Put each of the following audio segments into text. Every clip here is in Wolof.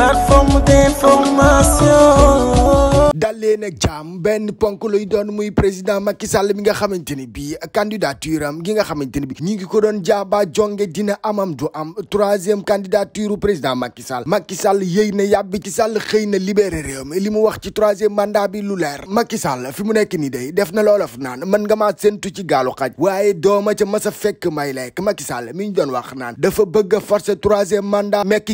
plateforme d'information. dalee nag jàmm benn ponk luy doon muy président Macky Sall mi nga xamante ni bii candidature am gi nga xamante ni bii ñu ngi ko doon jaaba jonge dina amam du am troisième candidature président Macky Sall Macky Sall yëy na yàbbi ci Sall xëy na libéré réew li mu wax ci troisième mandat bi lu leer Macky Sall fi mu nekk nii day def na loola fu naan mën nga ma séntu ci gaalu xaj waaye dooma ca mas a fekk may lekk Macky mi ñu doon wax naan dafa bëgg a forcer mandat mekk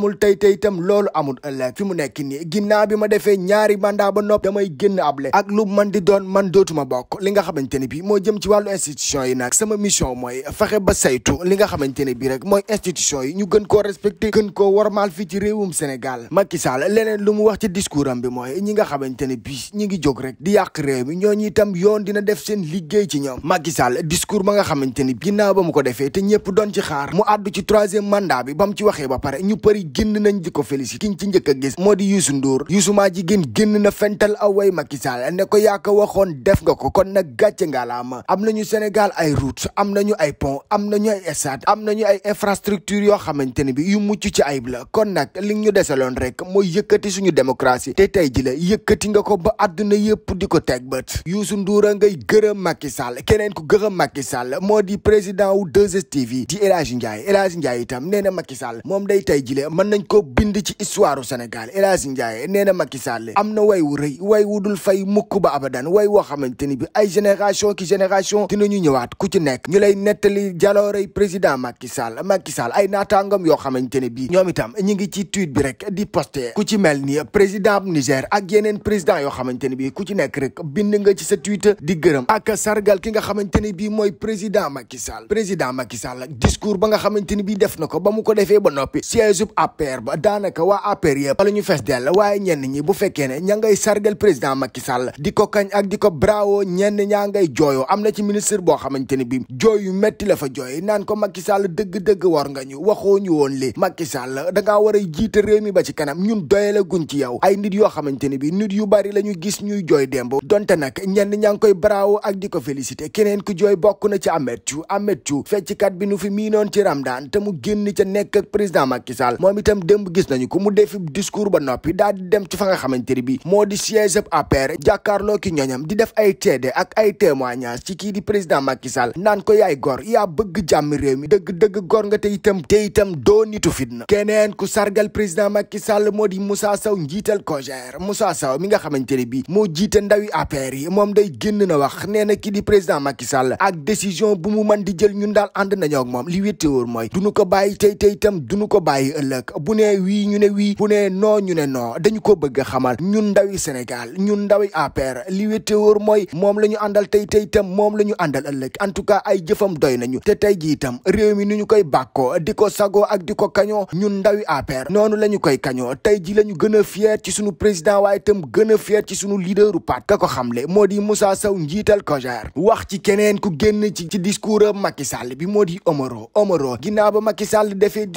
amul tey tey itam loolu amul ëllëg fi mu nekk nii ginnaaw bi ma defee ñaari mandat ba nopp damay génn able ak lu man di doon man dootuma bokk li nga xamante ne bi moo jëm ci wàllu institution yi nag sama mission mooy fexe saytu li nga xamante ne bi rek mooy institution yi ñu gën koo respecté gën ko war mal fi ci réewum Sénégal Macky Sall leneen lu mu wax ci discours am bi mooy ñi nga xamante ne bi ñi ngi jóg rek di yàq réew mi ñooñu itam yoon dina def seen liggéey ci ñoom Macky Sall discours ba nga xamante ni ginnaaw ba mu ko defee te ñëpp doon ci xaar mu àddu ci troisième mandat bi ba mu ci waxee ba pare ñu përi génn nañ di ko félicité kiñ ci njëkk a gis moo di Youssou Ndour Youssou maa jigéen génn na fental away Macky Sall ne ko yaa waxoon def nga ko kon nag gàcce ngaalaama am na ñu Sénégal ay routes am nañu ay pont am nañu ay stade am nañu ay infrastructure yoo xamante ne bi yu mucc ci ayib la kon nag li ñu desaloon rek mooy yëkkati suñu démocratie te tey ji la yëkkati nga ko ba àdduna yëpp di ko teg bët Youssou Ndour a ngay gërëm Macky Sall keneen ku gërëm Macky Sall moo di président wu 2STV di El Hadj Ndiaye El itam nee na Macky Sall moom day tey ji mën nañ ko bind ci histoire Sénégal El Hadji Ndiaye nee na Macky Sall am na way wu rëy way wu dul fay mukk ba abadan way woo xamante ni bi ay génération ki génération dinañu ñëwaat ku ci nekk ñu lay nettali jaloorey président Macky Sall Macky Sall ay naataangam yoo xamante ne bi ñoom itam ñi ngi ci tweet bi rek di poster ku ci mel ni président Niger ak yeneen président yoo xamante ne bi ku ci nekk rek bind nga ci sa tweet di gërëm ak sargal ki nga xamante ne bi mooy président Macky Sall président Macky Sall discours ba nga xamante ni bi def na ko ba mu ko defee ba noppi siège APR ba daanaka waa APR yëpp la ñu fees dell waaye ñenn ñi bu fekkee ne ña ngay sargal président Macky Sall di ko kañ ak di ko bravo ñenn ñaa ngay jooyoo am na ci ministre boo xamante ne bi jooy yu metti la fa jooy naan ko Macky Sall dëgg-dëgg war nga ñu waxoo ñu woon li Macky Sall da war a jiite réew mi ba ci kanam ñun doyale ci yow ay nit yoo xamante ne bi nit yu bari la ñu gis ñuy jooy démb donte nag ñenn ñaa ngi koy bravo ak di ko félicité keneen ku jooy bokk na ci Amet Thiou Amet Thiou fecckat bi nu fi miinoon ci Ramadan te mu génn ci nekk président Macky Sall moom itam démb gis nañu ko mu defi discours ba noppi daal di dem ci fa nga xamante ni bi moo di siège ab APR jàkkaarloo ki ñoñam di def ay teede ak ay témoignage ci kii di président Macky Sall naan ko yaay gor yaa bëgg jàmm réew mi dëgg dëgg gor nga te itam te itam doo nitu fitna keneen ku sargal président Macky Sall moo di Moussa Sow njiital COJER Moussa Sow mi nga xamante ni bi moo jiite ndawi APR yi moom day génn na wax nee na kii di président Macky Sall ak décision bu mu mën di jël ñun daal ànd nañoo ak moom li wéttewoor mooy duñu ko bàyyi tey tey itam duñu ko bàyyi ëllëg nag bu nee wii ñu ne wii bu nee non ñu ne non dañu ko bëgg a xamal ñun ndawi Sénégal ñun ndawi APR li wétéwóor mooy moom la ñu àndal tey tey itam moom la ñu àndal ëllëg en tout cas ay jëfam doy nañu te tey ji itam réew mi nu ñu koy bàkkoo di ko sagoo ak di ko kañoo ñun ndawi APR noonu la ñu koy kañoo tey ji la ñu gën a fier ci sunu président waaye itam gën a fier ci sunu leaderu pat ka xam le moo di Moussa Sow njiital COJER wax ci keneen ku génn ci ci discours Macky Sall bi moo di Omaro Omaro ginnaaw ba Macky Sall defee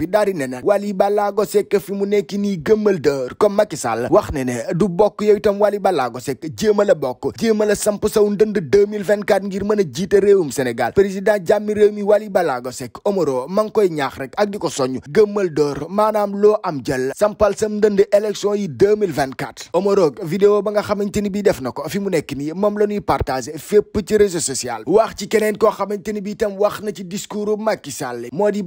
noppi daal di ne na Wally Ballago Seck fi mu nekk nii dër comme Macky Sall wax ne ne du bokk yow itam Wally Ballago Seck jéem a la bokk jéem a la samp saw ndënd 2024 ngir mën a jiite réewum Sénégal président jàmmi réew mi Wally Ballago Seck Omaro ma ngi koy ñaax rek ak di ko soññ gëmmal dër maanaam loo am jël sampal sam dënd élection yi vingt 2024 Omaro vidéo ba nga xamante ni bii def na ko fi mu nekk nii moom la ñuy partagé fépp ci réseau social wax ci keneen koo xamante ni bii itam wax na ci discours Macky Sall moo di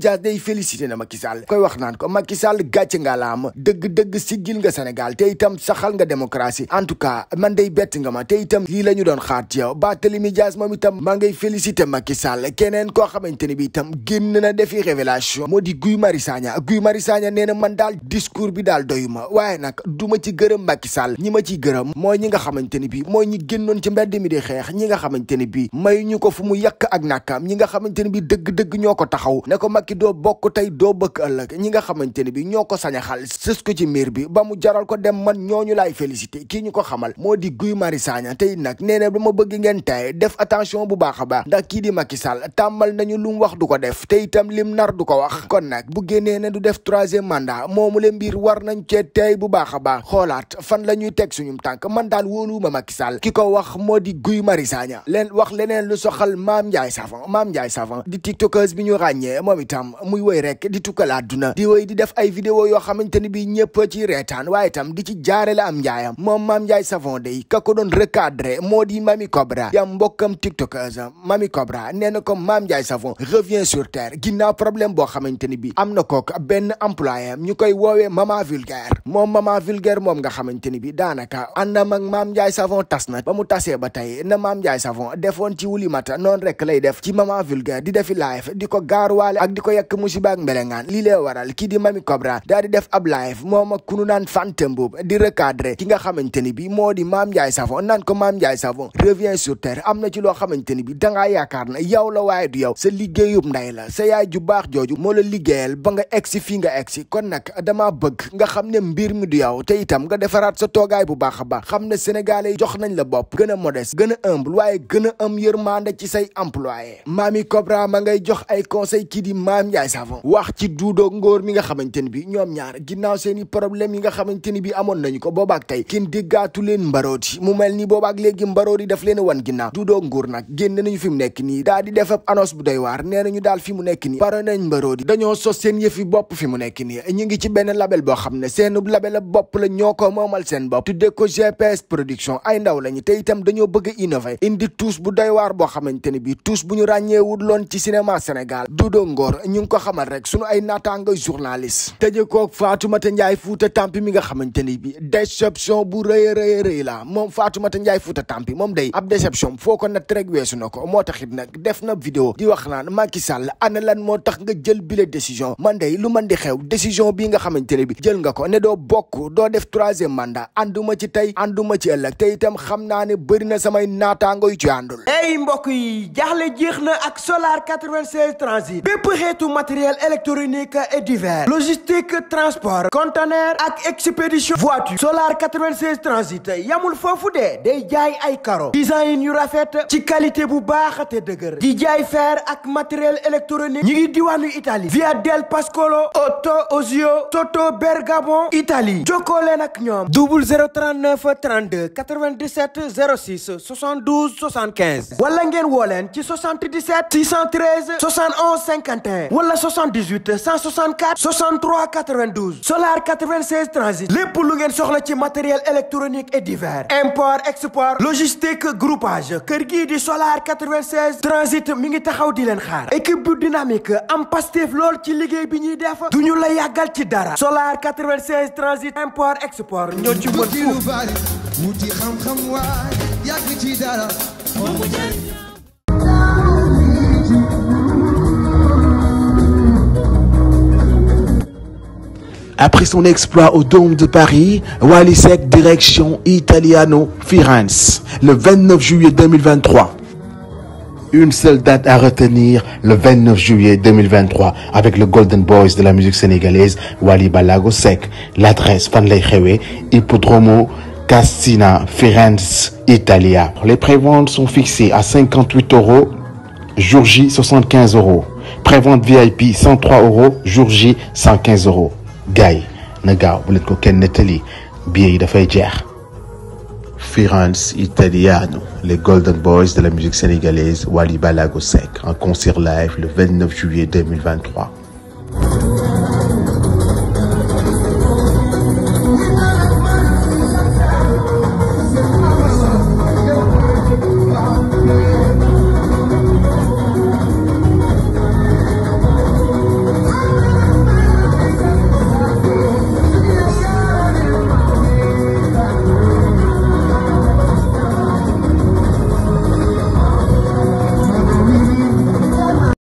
Dias day félicité na Macky Sall koy wax naan ko Macky Sall gàcce nga la am dëgg-dëgg siggil nga Sénégal te itam saxal nga démocratie en tout cas man day bett nga ma te itam lii la ñu doon xaar ci yow Barthélémy Dias moom itam maa ngay félicité Macky Sall keneen koo xamante ni bi itam génn na defi révélation moo di Guy Marius Sagna Guy Marius nee na man daal discours bi daal doyuma waaye nag du ci gërëm Macky Sall ñi ma ciy gërëm mooy ñi nga xamante ni bi mooy ñi génnoon ci mbedd mi di xeex ñi nga xamante ni bi may ñu ko fu mu yàq ak nàkkaam ñi nga xamante ni bi dëgg-dëgg ñoo ko taxaw Macky doo bokk tey doo bëkk ëllëg ñi nga xamante ne bi ñoo ko sañ a xal sës ko ci miir bi ba mu jaral ko dem man ñooñu laay félicité kii ñu ko xamal moo di Guy mari Sagna tey nag nee na dama bëgg ngeen def attention bu baax a baax ndax kii di Macky Sall tàmmal nañu lu mu wax du ko def te itam lim nar du ko wax kon nag bu génnee ne du def troisième mandat moomu le mbir war nañ cee tey bu baax a baax xoolaat fan la ñuy teg suñum tànk man daal wóoluwuma Macky Sall ki ko wax moo di Guy Marius Sagna leen wax leneen lu soxal Mame Ndiaye Savon Mame Ndiaye Savon itam muy woy di tukkal àdduna di woy di def ay vidéo yoo xamante ni bi ñëpp ci reetaan waaye itam di ci jaare la am njaayam moom maam njaay savon day ka ko doon recadré moo di mami Cobra yam mbokkam tiktokeuse mami Cobra na ko maam njaay savon revient sur terre ginnaaw problème boo xamante ni bi am na kook benn employé ñu koy woowee mama vulgaire moom mama vulgaire moom nga xamante ni bi daanaka àndam ak maam njaay savon tas na ba mu tase ba tey na maam njaay savon defoon ci wulimata rek lay def ci di defi live di ak di ko ko yekk musiba ak mbelengaan lii bi moo di Mame Ndiaye Savon naan ko Mame Ndiaye Savon revient sur terre am na ci loo xamante ni bi dangaa yaakaar na yow la waaye du yow sa liggéeyub nday la sa yaay ju baax jooju moo la liggéeyal ba nga egsi fii nga egsi kon nag dama bëgg nga xam ne mbir mi du yow te itam nga defaraat sa toogaay bu baax a baax xam ne sénégalais jox nañ la bopp gën a modeste gën a humble waaye gën a am yërmande ci say employé Mamy Cobra ma ngay jox ay conseil kii di Ibrahima Ndiaye Savon wax ci duudoog ngóor mi nga xamante ni ñoom ñaar ginnaaw seen i problème yi nga xamante ni bi amoon nañu ko boobaak tey kenn déggaatu leen mbaroot yi mu mel ni boobaak léegi mbaroot yi daf leen wan ginnaaw duudoog ngóor nag génn nañu fi mu nekk nii di def ab annonce bu doy waar nee nañu daal fi mu nekk nii pare nañ mbaroot dañoo sos seen yëfi bopp fi mu nekk nii ñu ngi ci benn label boo xam ne seen label bopp la ñoo ko moomal seen bopp tuddee ko GPS production ay ndaw lañu te itam dañoo bëgg a innover indi tous bu doy waar boo xamante ne bi tous bu ñu ràññeewul loon ci cinéma Sénégal Dudo Ngor ñu ngi ko xamal rek sunu ay naataanga journaliste tëjee koog Fatoumata njaay Fouta Tampi mi nga xamante ni bi déception bu rëy rëy rëy la moom Fatoumata njaay Fouta Tampi moom day ab déception foo ko natt rek weesu na ko moo taxit nag def na vidéo di wax naan Macky Sall ana lan moo tax nga jël bile décision man day lu man di xew décision bii nga xamante ne bi jël nga ko ne doo bokk doo def troisième mandat ànduma ci tey ànduma ci ëllëg te itam xam naa ne bëri na samay naataango yu ci àndul. ay mbokk yi jaaxle jeex na ak solar 96 transit bépp xeetu matériel électronique et divers logistique transport conteneur ak expédition voiture solar 96 transit yamul de day jaay ay karo design yu rafet ci qualité bu baax te dëgër di jaay fer ak matériel électronique ñi ngi diwaanu Italie via Del Pascolo Otto Osio Toto Bergamo Italie jokkoo leen ak ñoom 0039 32 97 06 72 75 wala ngeen woo leen ci 77 613 71 51 80 wala 78 164 63 92 solar 96 transit lépp lu ngeen soxla ci matériel électronique et divers import export logistique groupage kër gii di solar 96 transit mi ngi taxaw di leen xaar équipe bu dynamique am pastif lool ci liggéey bi ñuy def du ñu la yàggal ci dara solar 96 transit import export ñoo ci mën fu wuti xam-xam waay yàgg ci dara Après son exploit au Dôme de Paris, Wally sec direction Italiano Firenze le 29 juillet 2023. Une seule date à retenir, le 29 juillet 2023 avec le Golden Boys de la musique sénégalaise Wally Ballago Seck. L'adresse fan lay xewee Hippodromo Cascina Firenze Italia. Les préventes sont fixées à 58 euros, jour J 75 euros. Prévente VIP 103 euros, jour euros. gaay na gaaw bu leen ko kenn nettali billet dafay jeex. Firenze Italiano, les Golden Boys de la musique sénégalaise Wally Balago Seck, un concert live le 29 juillet 2023.